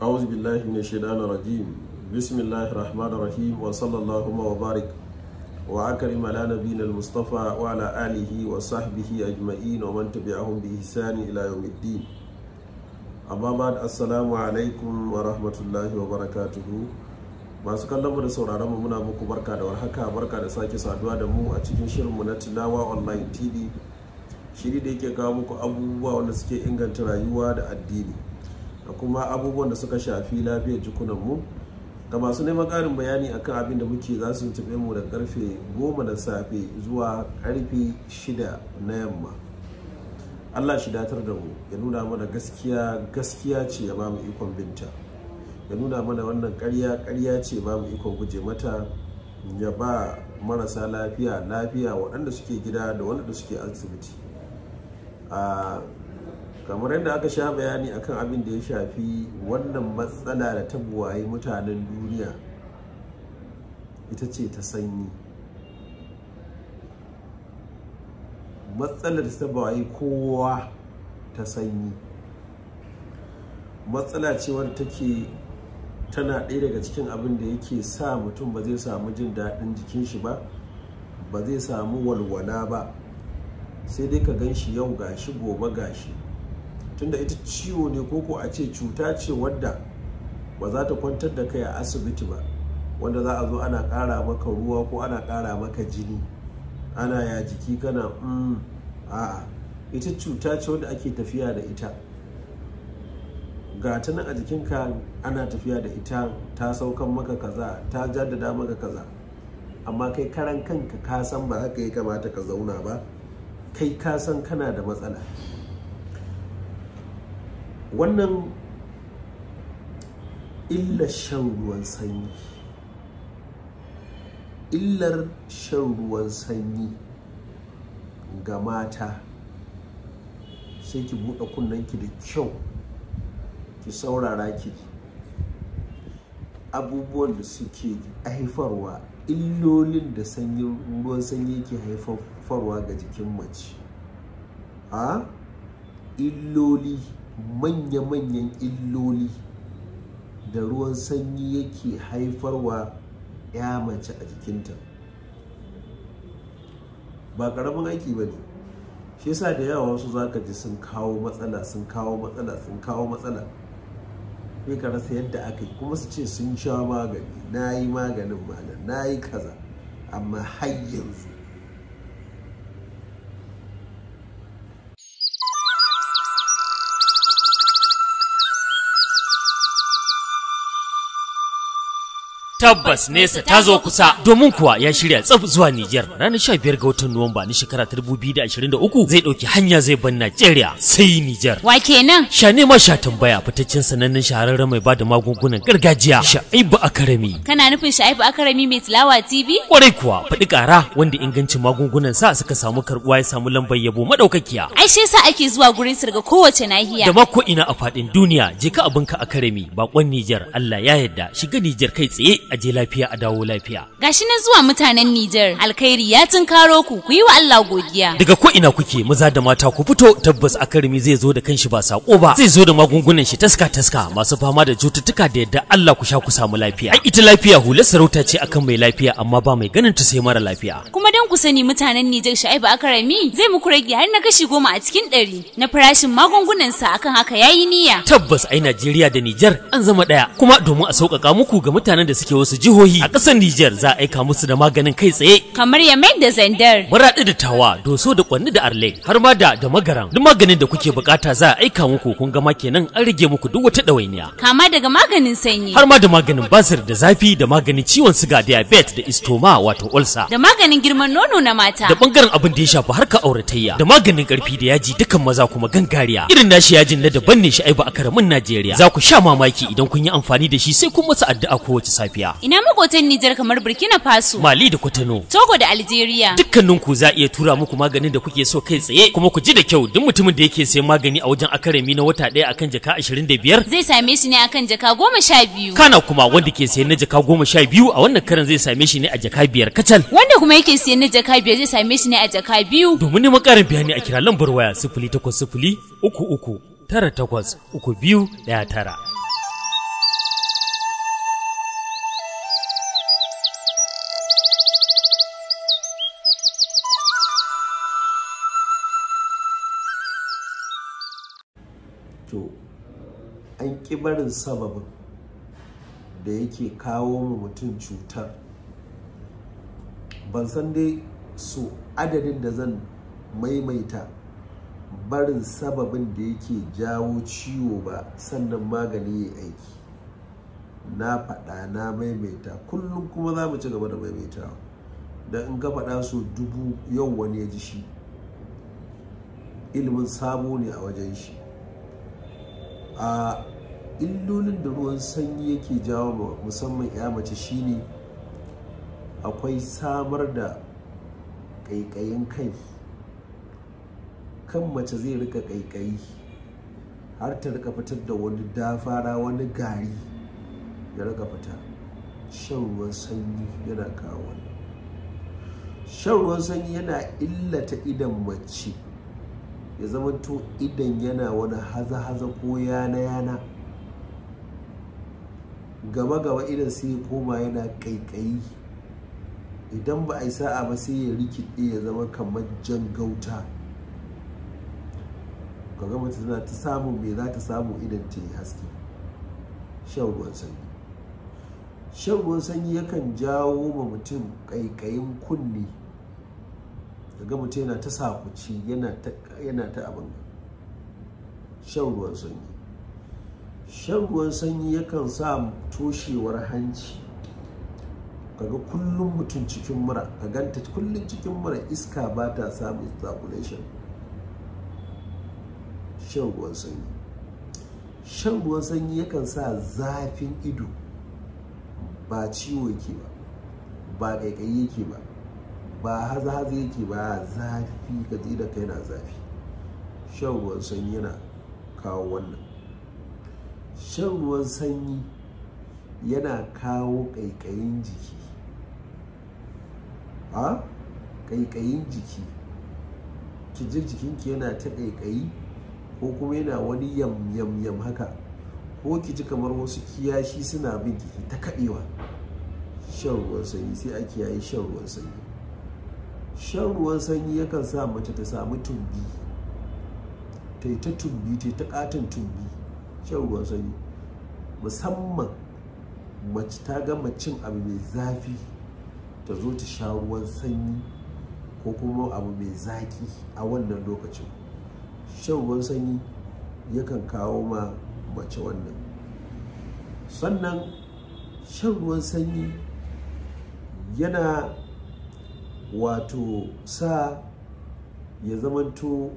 أعوذ بالله من الشيطان الرجيم بسم الله الرحمن الرحيم وصلى الله وبارك وأكرم على نبينا المصطفى وعلى آله وصحبه أجمعين ومن تبعهم بإحسان إلى يوم الدين أما بعد السلام عليكم alaikum wa rahmatullahi wa barakatuhu masu kallon mu da sauraron mu muna muku barka da warhaka barka da sake saduwa da mu a cikin shirin mu na tilawa online tv shiri da yake kawo muku abubuwa wanda suke inganta rayuwa da addini da kuma abubuwan da suka shafi lafiyar jikunanmu ga masu neman ƙarin bayani akan abin da muke za su tuɓe mu da karfe goma da safe zuwa karfe shida na yamma allah shi datar da mu ya nuna mana gaskiya gaskiya ce ya bamu ikon binta ya nuna mana wannan karya karya ce ya bamu ikon guje mata ya ba marasa lafiya lafiya waɗanda suke gida da waɗanda suke asibiti ah, kamar yadda aka sha bayani akan abin da ya shafi wannan matsala da ta mutanen duniya ita ce ta sanyi matsalar ta buwaye kowa ta sanyi matsala ce wadda take tana ɗaya daga cikin abin da yake sa mutum ba zai samu jin daɗin jikin shi ba ba zai samu walwala ba sai dai ka gan shi yau gashi gobe gashi tunda ita ciwo ne koko a ce cuta ce wadda ba za ta kwantar da kai a asibiti ba wanda za a zo ana ƙara maka ruwa ko ana ƙara maka jini ana ya jiki kana mm, a'a ita cuta ce wadda ake tafiya da ita ga ta a jikinka ana tafiya da ita ta saukan maka kaza ta jaddada maka kaza amma kai karan kanka ka san ba haka ya kamata ka zauna ba kai ka san kana da matsala wannan illar shan ruwan sanyi illar shan ruwan sanyi ga mata sai ki buɗe kunnanki da kyau ki saurara ki abubuwan da suke haifarwa illolin da ruwan sanyi ke haifarwa ga jikin mace a ah? illoli manya-manyan illoli da ruwan sanyi yake haifarwa ya mace a jikinta ba karamin aiki ba ne shi yasa da yawa wasu za ka ji sun kawo matsala sun kawo matsala sun kawo matsala sai ka rasa yadda aka yi kuma su ce sun sha magani na yi maganin malam na yi kaza amma har yanzu tabbas nesa ta zo kusa domin kuwa ya shirya tsaf zuwa Nijar ranar 15 ga watan Nuwamba na shekara 2023 zai dauki hanya zai bar Najeriya sai Nijar wa kenan sha ne ma sha tambaya fitaccen sanannen shahararren mai bada magungunan gargajiya Sha'ibu Akarami kana nufin Sha'ibu Akarami mai tilawa TV kwarai kuwa faɗi kara wanda ingancin magungunan sa suka samu karbuwa ya samu lambar yabo madaukakiya ai shi yasa ake zuwa gurin daga kowace nahiya da mako ina a fadin duniya je ka abinka Akarami bakon Nijar Allah ya yarda shiga Nijar kai tsaye aje lafiya a dawo lafiya. Gashi na zuwa mutanen Nijar alkhairi ya tunkaro ku ku yi wa Allah godiya. Daga ko ina kuke maza da mata ku fito tabbas akarimi zai zo da kanshi ba sako ba zai zo da magungunan shi taska taska masu fama da cututtuka da yadda Allah ku sha ku samu lafiya. Ai ita lafiya hula sarauta ce akan mai lafiya amma ba mai ganin ta sai mara lafiya. Kuma dan ku sani mutanen Nijar Sha'ibu Akarami zai muku rage har na kashi goma a cikin ɗari na farashin magungunan sa akan haka yayi niyya. Tabbas ai Najeriya da Nijar an zama ɗaya kuma domin a sauƙaƙa muku ga mutanen da suke wasu jihohi a ƙasar Nijar za a aika musu da maganin kai tsaye. Kamar Yemen da Zandar. Maraɗi da Tawa, Doso da Kwanni da Arle, har ma da da Magaran. Duk maganin da kuke bukata za a aika muku kun gama kenan an rage muku duk wata ɗawainiya. Kama daga maganin sanyi. Har ma da maganin basir da zafi da maganin ciwon siga diabetes da istoma wato ulsa. Da maganin girman nono na mata. Da ɓangaren abin da ya shafi harkar auratayya. Da maganin ƙarfi da yaji dukan maza kuma gangariya. Irin nashi yajin na daban ne shi ai ba a karamin Najeriya. Za ku sha mamaki idan kun yi amfani da shi sai kun masa addu'a kowace safiya. Ina makotan Nijar kamar Burkina Faso. Mali da Kwatano. Togo da Algeria. Dukkanin ku za iya tura muku maganin da kuke so kai tsaye kuma ku ji da kyau duk mutumin da yake sayan magani a wajen akarami na wata ɗaya akan jaka 25 zai same shi ne akan jaka 12. Kana kuma wanda ke sayan na jaka 12 a wannan karan zai same shi ne a jaka 5 kacal. Wanda kuma yake sayan na jaka 5 zai same shi ne a jaka 2. Domin neman ƙarin bayani a kira lambar waya sifili uku uku tara takwas uku biyu ɗaya tara. ƙi barin sababin da yake kawo mu mutum cutar ban san dai su adadin da zan maimaita barin sababin da yake jawo ciwo ba sannan magani ya aiki na faɗa na maimaita kullum kuma za mu ci gaba da maimaita don in ka faɗa su dubu yau wani ya ji shi ilimin sabo ne a wajen shi a ah, illolin da ruwan sanyi yake jawo musamman ya mace shine akwai samar da ƙaiƙayin kai kan mace zai rika ƙaiƙayi har ta rika fitar da wani dafara wani gari ya rika fita shan ruwan sanyi yana kawo wani shan ruwan sanyi yana illata idan mace ya zama to idan yana wani haza-haza ko yana-yana gaba gaba idan sai koma yana kaikayi idan ba a yi sa'a ba sai ya rikide ya zama kamar jan gauta ka ga mace tana ta samu me za ta samu idan ta yi haske shan ruwan sanyi shan ruwan sanyi yakan jawo ma mutum kaikayin kunne daga mutum yana ta sakuci yana ta abin shan ruwan sanyi shan ruwan sanyi yakan sa toshewar hanci kaga kullum mutum cikin mura ka ganta kullum cikin mura iska ba ta samun circulation shan ruwan sanyi shan ruwan sanyi yakan sa zafin ido ba ciwo yake ba ba ƙaiƙayi yake ba ba haza-haza yake ba zafi ka ji da kai na zafi shan ruwan sanyi yana kawo wannan shan ruwan sanyi yana kawo ƙaiƙayin jiki a ƙaiƙayin jiki ki jikinki yana ta ƙaiƙayi ko kuma yana wani yam yam yam haka ko ki ji kamar wasu kiyashi suna bin jiki ta kaɗewa shan ruwan sanyi sai ake yayi shan ruwan sanyi shan ruwan sanyi yakan sa mace ta samu tumbi ta yi ta tumbi ta yi ta katin tumbi shan ruwan sanyi musamman mace ta gama cin abu mai zafi ta zo ta sha ruwan sanyi ko kuma abu mai zaki a wannan lokacin shan ruwan sanyi yakan kawo ma mace wannan sannan shan ruwan sanyi yana wato sa ya zamanto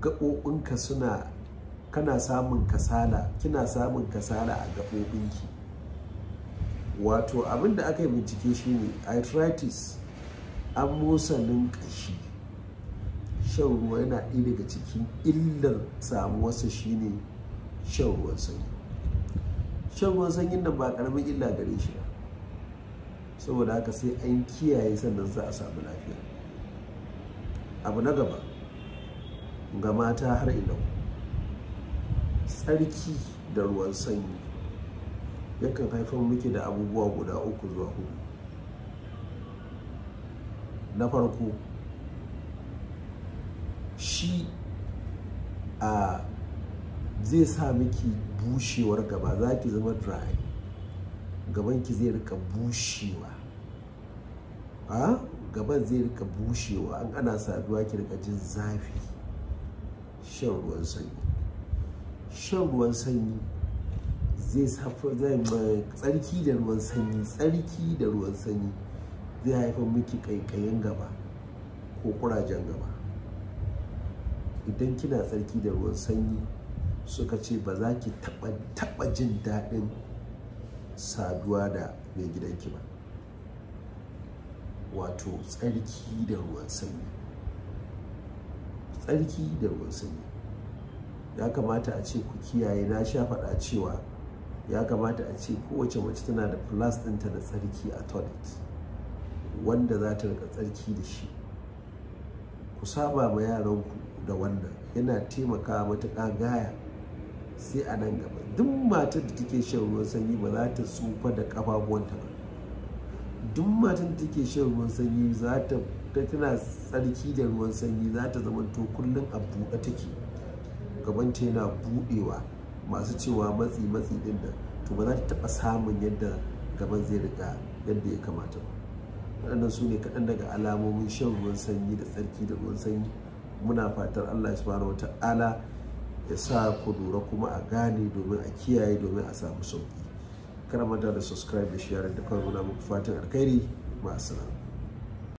gaɓoɓinka suna kana samun kasala kina samun kasala a gaɓoɓinki wato abin da aka yi bincike shine arthritis an musanin ƙashi shan ruwa yana ɗaya daga cikin illar samuwarsa shine shan ruwan sanyi shan ruwan sanyin nan ba ƙaramin illa gare shi ba saboda haka sai an kiyaye sannan za a samu lafiya abu na gaba ga mata har ilau tsarki da ruwan sanyi yakan haifar muke da abubuwa guda uku zuwa hudu na farko shi a zai sa miki bushewar gaba za ki zama dry gabanki zai rika bushewa a gaban zai rika bushewa an ana saduwa ki rika jin zafi shan ruwan sanyi shan ruwan sanyi zai tsarki da ruwan sanyi tsarki da ruwan sanyi zai haifar miki kaikayin gaba ko kurajen gaba idan kina tsarki da ruwan sanyi suka ce ba za ki taɓa jin daɗin saduwa da mai gidanki ba wato tsarki da ruwan sanyi tsarki da ruwan sanyi ya kamata a ce ku kiyaye na sha faɗa cewa ya kamata a ce kowace mace tana da plus ɗinta da tsarki a toilet wanda za ta rika tsarki da shi ku saba ma yaranku da wannan yana taimaka matuƙa gaya sai a nan gaba duk matar da take shan ruwan sanyi ba za ta tsufa da ƙafafuwanta ba duk matar da take shan ruwan sanyi za ta tana tsarki da ruwan sanyi za ta zama to kullum a buɗe take gabanta yana buɗewa masu cewa matsi matsi din da to ba za ta taɓa samun yadda gaban zai rika yadda ya kamata ba waɗannan su ne kaɗan daga alamomin shan ruwan sanyi da tsarki da ruwan sanyi muna fatar allah ya subhanahu wata'ala ya sa ku lura kuma a gane domin a kiyaye domin a samu sauƙi kar mata da subscribe da share da kawai muna muku fatan alkhairi ma'asalam